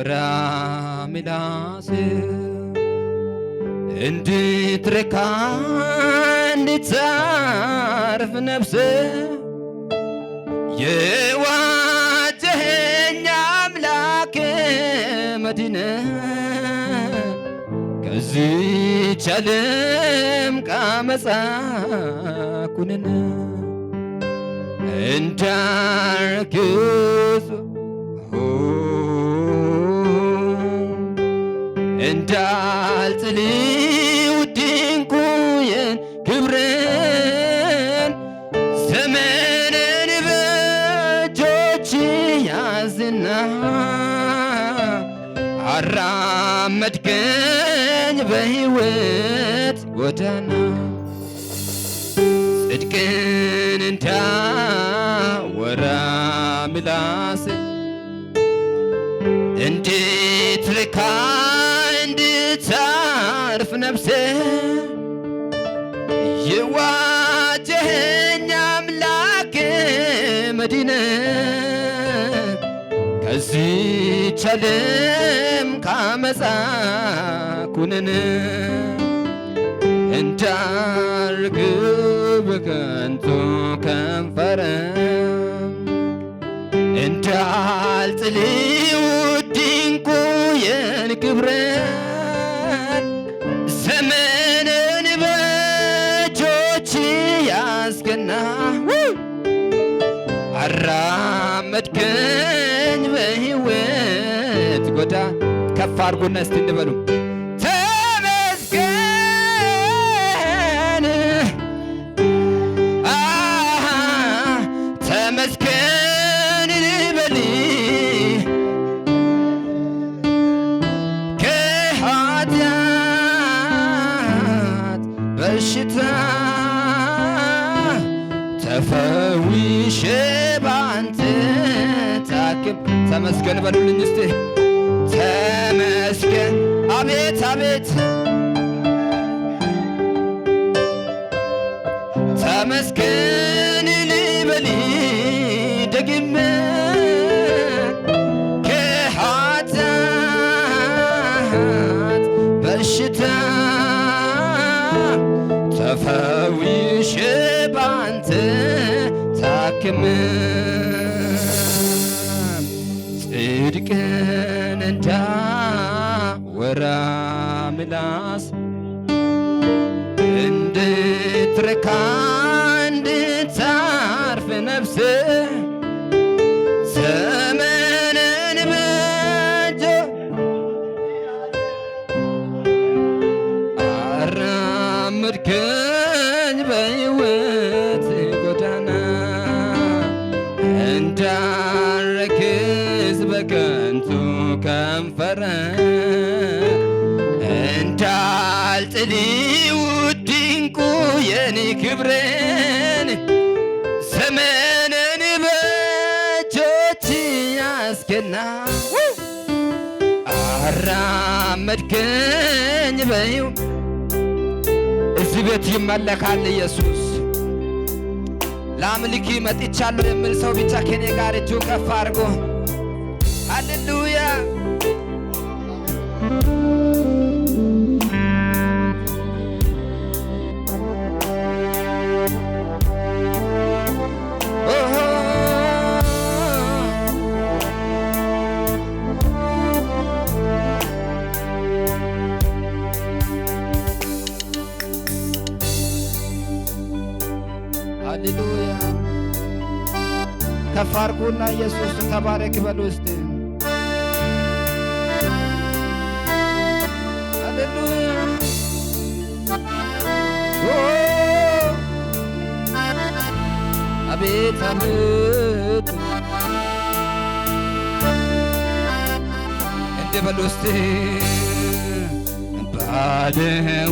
ወራ ምላስ እንድትረካ እንድታርፍ ነፍስ የዋጀኸኝ አምላክ መድነ ከዚች ዓለም ቃመፃ ኩነነ እንዳርግ ይወዳል ጥልው ድንቁየን ዘመንን በእጆች ያዝና አራመድከኝ በሕይወት ጎዳና ጽድቅን እንዳወራ ምላሴ እንዴት ልካ ትተርፍ ነፍሴ የዋጀኸኝ አምላክ መዲነ ከዚች ዓለም ካመፃ ኩነኔ እንደ ከንቱ ከንፈረ እንዳልጥልው ድንቁ የንክብረ ከፍ አድርጉና እስቲ እንበሉ ተመስገን ተመስገን ከኃጢአት በሽታ ተፈዊሼ ታክም ተመስገን በሉልኝ እስቲ ጽድቅን እንዳወራ ምላስ እንድትረካ አራመድከኝ በዩ እዚህ ቤት ይመለካል ኢየሱስ። ለአምልኪ መጥቻለሁ የሚል ሰው ብቻ ከኔ ጋር እጁ ከፍ አድርጎ ሃሌሉያ ከፍ አድርጉና ኢየሱስ ተባረክ በል ውስጥ አቤት አቤት እንደ በል ውስጥ ባለ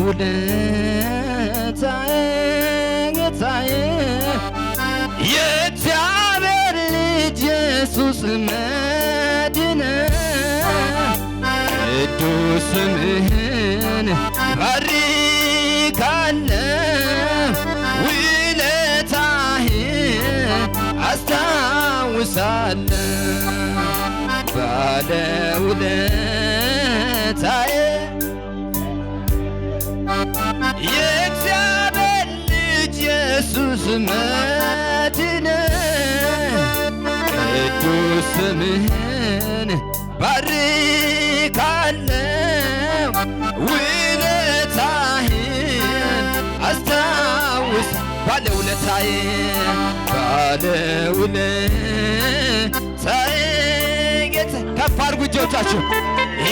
ውለታዬ ጌታዬ ኢየሱስ መድነ ቅዱስ ስምህን ባሪካለ ውለታህን አስታውሳለ ባለ ውለታዬ የእግዚአብሔር ልጅ ኢየሱስ ስምህን ባርካለው ውለታህን አስታውስ ባለውለታዬ ባለውለታዬ ጌታ ከፍ አድርጉ እጆቻችሁ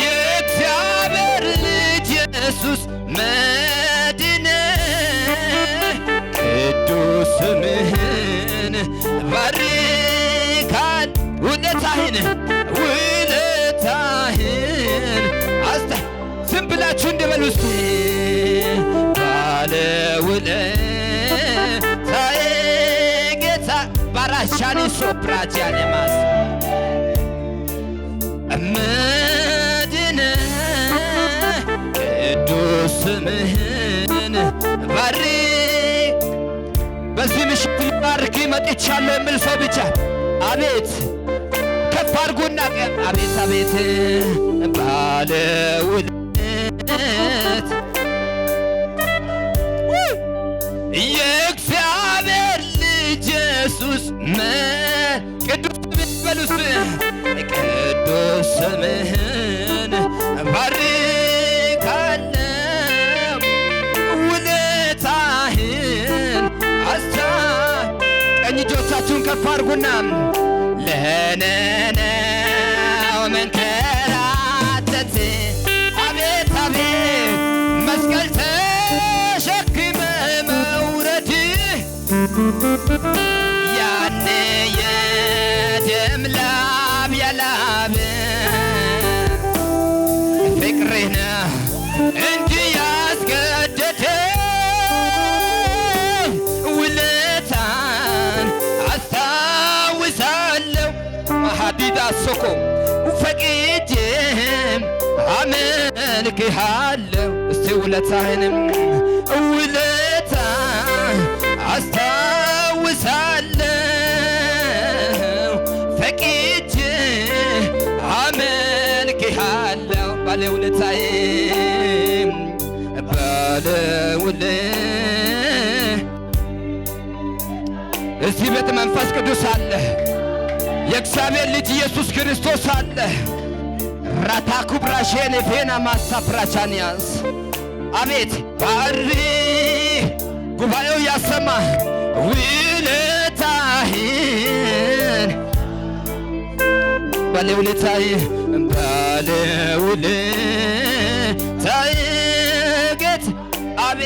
የእግዚአብሔር ልጅ ኢየሱስ መድነ ቅዱስ ስምህን ባር ኃይልን ውለታህን አስተ ዝም ብላችሁ እንድበል ውስጥ ባለ ውለታዬ ጌታ ባራሻኒ ሶፕራጃን ማስ እምድነ ቅዱስ ስምህን ባሪክ በዚህ ምሽት ባርክ መጥቻለሁ የምል ሰው ብቻ አቤት ከፍ አድርጉና አቤት አቤት ባለውነት የእግዚአብሔር ልጅ ኢየሱስ ቅዱስ በሉስ ቅዱስ ስምህን ባርካለው ውለታህን አስታ ቀኝ እጆቻችሁን ከፍ አድርጉና ይህንነው መንከራተት አቤት አቤት መስቀል ተሸክመ ሀዲዳ ሶኮ ፈቅጄ አመልክሃለሁ እስቲ ውለታህንም ውለታ አስታውሳለሁ ፈቅጄ አመልክሃለሁ ባለ ውለታዬ ባለ ውለ እዚህ ቤተ መንፈስ ቅዱስ አለ የእግዚአብሔር ልጅ ኢየሱስ ክርስቶስ አለ። ራታ ኩብራሼን ፌና ማሳፕራቻንያንስ አቤት ባሪ ጉባኤው ያሰማ ውለታህን ባለ ውለታይ ባለ ውለታይ ጌት አቤ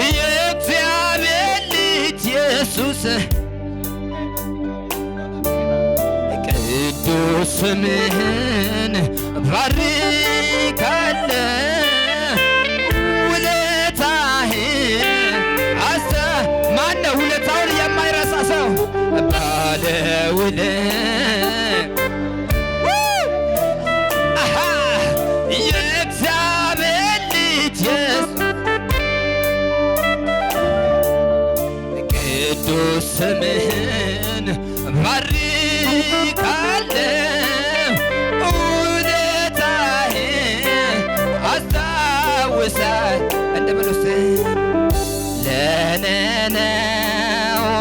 የእግዚአብሔር ልጅ ኢየሱስ ቅዱስ ስምህን ባርካለ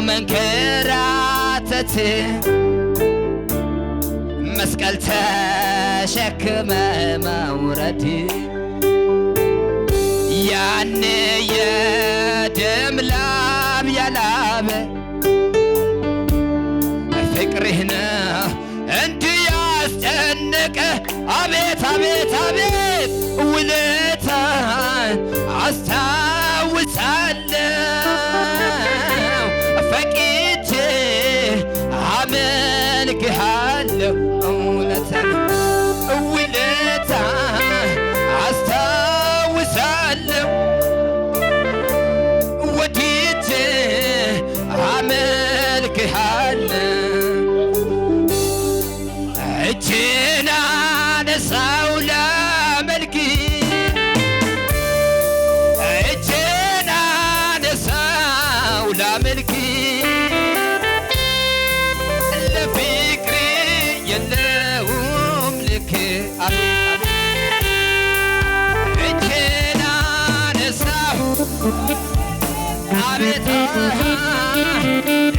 መንከራተት መስቀል ተሸክመ መውረድ ያን የደም ላብ ያላበ ፍቅርህ ነው እንዲህ ያስጨነቀ አቤት አቤት አቤት ውለታ አስታ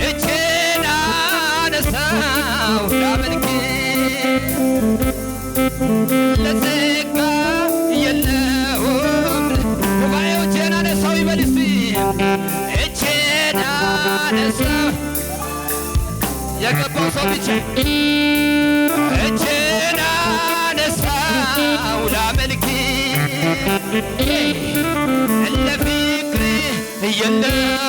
እጄን አነሳው ላመልክ ለዝጋ የገባው ሰው ብቻ እጄን አነሳው ላመልክ እለ ፍቅር የለው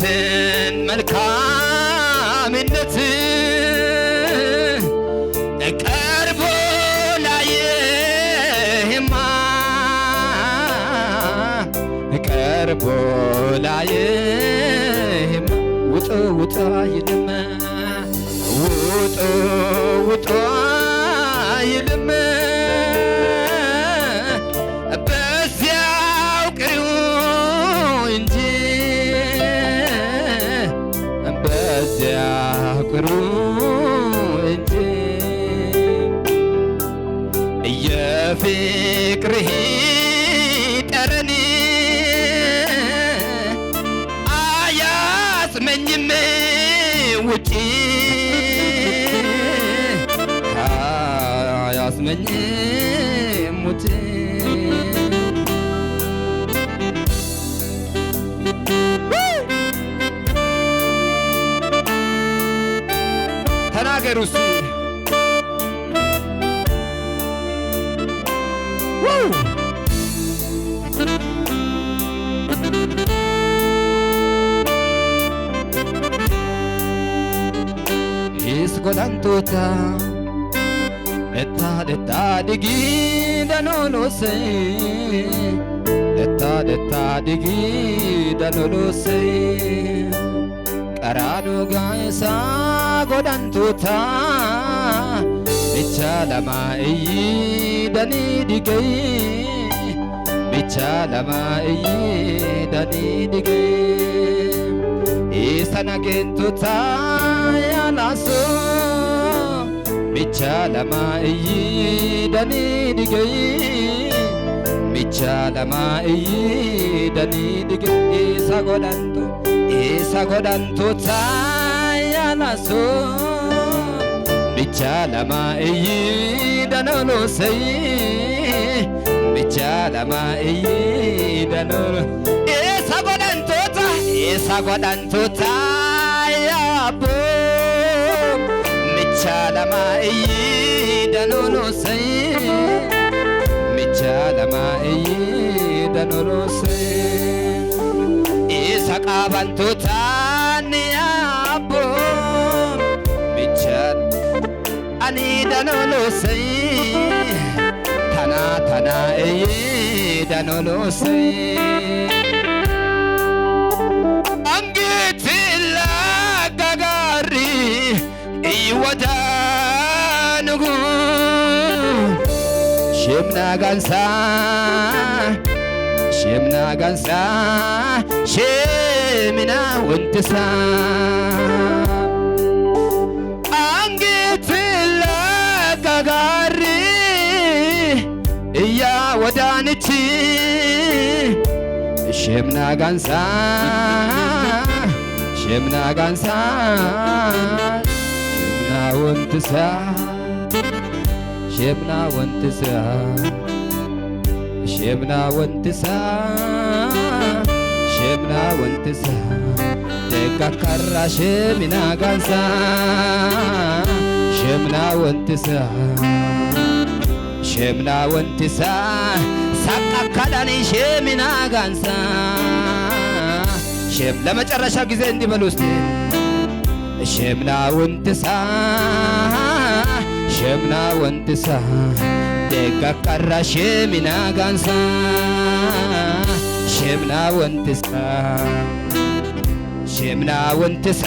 ያንተን መልካምነት ቀርቦ ላይህማ ቀርቦ ላይህማ ውጡ ውጡ አይልም ውጡ በዚያ ቅሩ እጅ Agarus. Età Detta di guida non lo sei Età Detta di guida non lo sei ቀራዱጋይሳ ጎዳንቱታ ብቻ እይ ደኒ ድገይ ብቻ ለማእይ ደኒ ዲገይ ኢሰናጌንቱታ ያላሱ ብቻ ለማእይ ደኒ ዲገይ ብቻ ለማእይ ደኒ ዲገይ ኢሳ ጎዳንቱ isa godhan tuttaayyaanaasuun micha lama iyyi danooloosayyi micha lama iyyi danoolo isa godhan tuta isa godhan tuttaayyaabbu micha lama iyyi danooloosayyi micha lama iyyi danooloosayyi. سكابان توتاني أبو ميتشان أني دانولو سي تانا تانا إي دانولو سي وجانو شمنا غنسان shemna gansa shemina wantisa አንገትለ ከጋሪ እያ ወዳንቺ shemna gansa shemna gansa shemna wantisa shemna wantisa shebna wantisa shebna wantisa deeggakarra shemina gaansa shebna wantisa shebna wantisa ሳቃካዳኔ ሸሚና ጋንሳ ሼም ለመጨረሻ ጊዜ እንዲበሉ ውስጥ ሸምና ወንትሳ ሸምና ወንትሳ ደጋ ቀራ ጋንሳ ሸምና ወንትሳ ሸምና ወንትሳ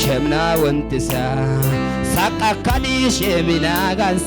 ሸምና ወንትሳ ሳቃካሊ ሸሚና ጋንሳ